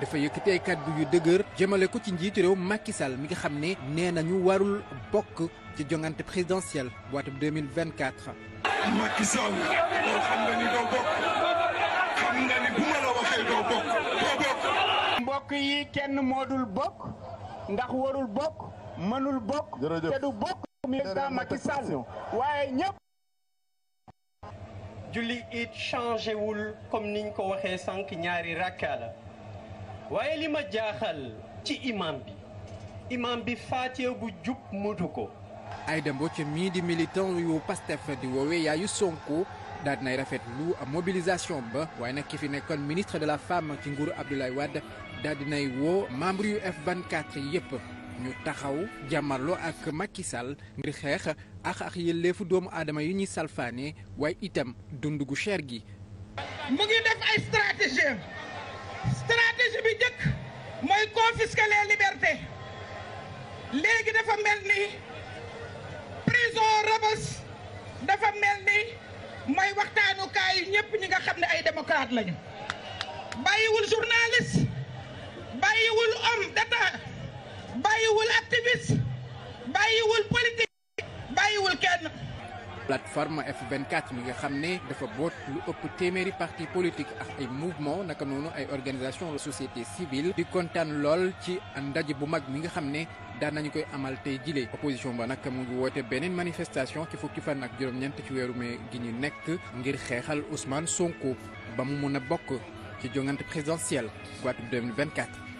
dafa yëkkati ay kàddu yu dëgër jëmale ko ci njiitu réew Macky Sall mi nga xam ne nee na ñu warul bokk ci jongante présidentielle waatub 2024. Macky Sall loolu xam nga ni doo bokk xam nga ni bu ma la waxee doo bokk doo bokk. mbokk yi kenn moo dul bokk ndax warul bokk mënul bokk. te du bokk président Macky Sall waaye ñëpp. wul comme niñ ko waxee sànq ñaari rakka waaye li ma jaaxal ci imam bi imam bi faatiya bu jub mutu ko Aïda Mbodj mii di militant yu Pastef di woowee yaayu Sonko daal dinay rafet lu mobilisation ba waaye nag ki fi nekkoon ministre de fem ci nguuru Abdoulaye Wade daal dinay woo membre yu F24 yépp ñu taxaw jàmmarloo ak Macky Sall ngir xeex ak ak yelleefu doomu aadama yi ñuy salfaane waaye itam dund gu cher gi mu ngi def ay stratégie bi njëkk mooy confisquer les libertés léegi dafa mel ni prison Rebeuss dafa mel ni mooy yi ñëpp ñi nga xam ne ay démocrate lañu bàyyiwul journaliste bàyyiwul homme d'État plateforme F24 mi nga xam ne dafa boot lu ëpp téeméeri parti politique ak ay mouvement naka noonu ay organisation société civile di kontaan lool ci ndaje bu mag mi nga xam ne daan nañu koy amal tey jile opposition ba nag mu ngi woote beneen manifestation ci fukki fan ak juróom-ñeent ci weeru mee gi ñu nekk ngir xeexal Ousmane Sonko ba mu mun a bokk ci jongante présidentielle bu atum 2024